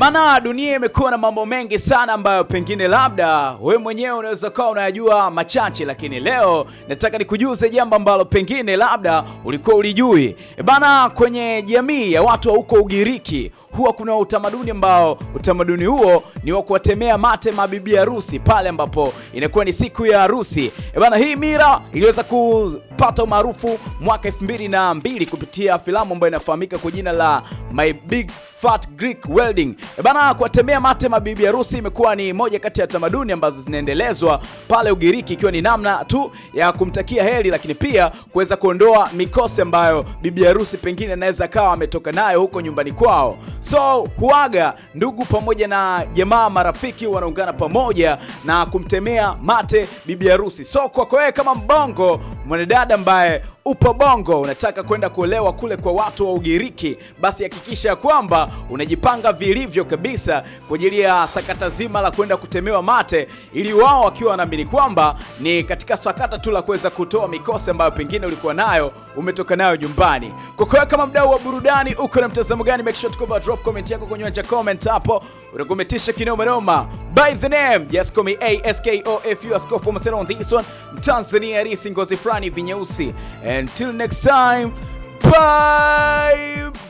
bana dunia imekuwa na mambo mengi sana ambayo pengine labda we mwenyewe unaweza kuwa unayajua machache, lakini leo nataka nikujuze jambo ambalo pengine labda ulikuwa ulijui. E bana kwenye jamii ya watu wa huko Ugiriki huwa kuna utamaduni ambao utamaduni huo ni wa kuwatemea mate mabibi harusi pale ambapo inakuwa ni siku ya harusi. E bana, hii mira iliweza kupata umaarufu mwaka mbili kupitia filamu ambayo inafahamika kwa jina la My Big Fat Greek Wedding E bana, kuwatemea mate mabibi harusi imekuwa ni moja kati ya tamaduni ambazo zinaendelezwa pale Ugiriki, ikiwa ni namna tu ya kumtakia heri, lakini pia kuweza kuondoa mikosi ambayo bibi harusi pengine anaweza akawa ametoka nayo huko nyumbani kwao. So huaga ndugu pamoja na jamaa, marafiki wanaungana pamoja na kumtemea mate bibi harusi. So kwako wewe kama mbongo mwanadada ambaye upo Bongo, unataka kwenda kuolewa kule kwa watu wa Ugiriki, basi hakikisha kwamba unajipanga vilivyo kabisa kwa ajili ya sakata zima la kwenda kutemewa mate, ili wao wakiwa wanaamini kwamba ni katika sakata tu la kuweza kutoa mikosi ambayo pengine ulikuwa nayo umetoka nayo nyumbani. Kwa kama mdau wa burudani, uko na mtazamo gani? Make sure drop comment yako kwenye comment hapo, utakometisha kinoma noma by the name just call me ASKOF you ask for myself on this one Tanzania risi ngozi fulani vinyeusi until next time bye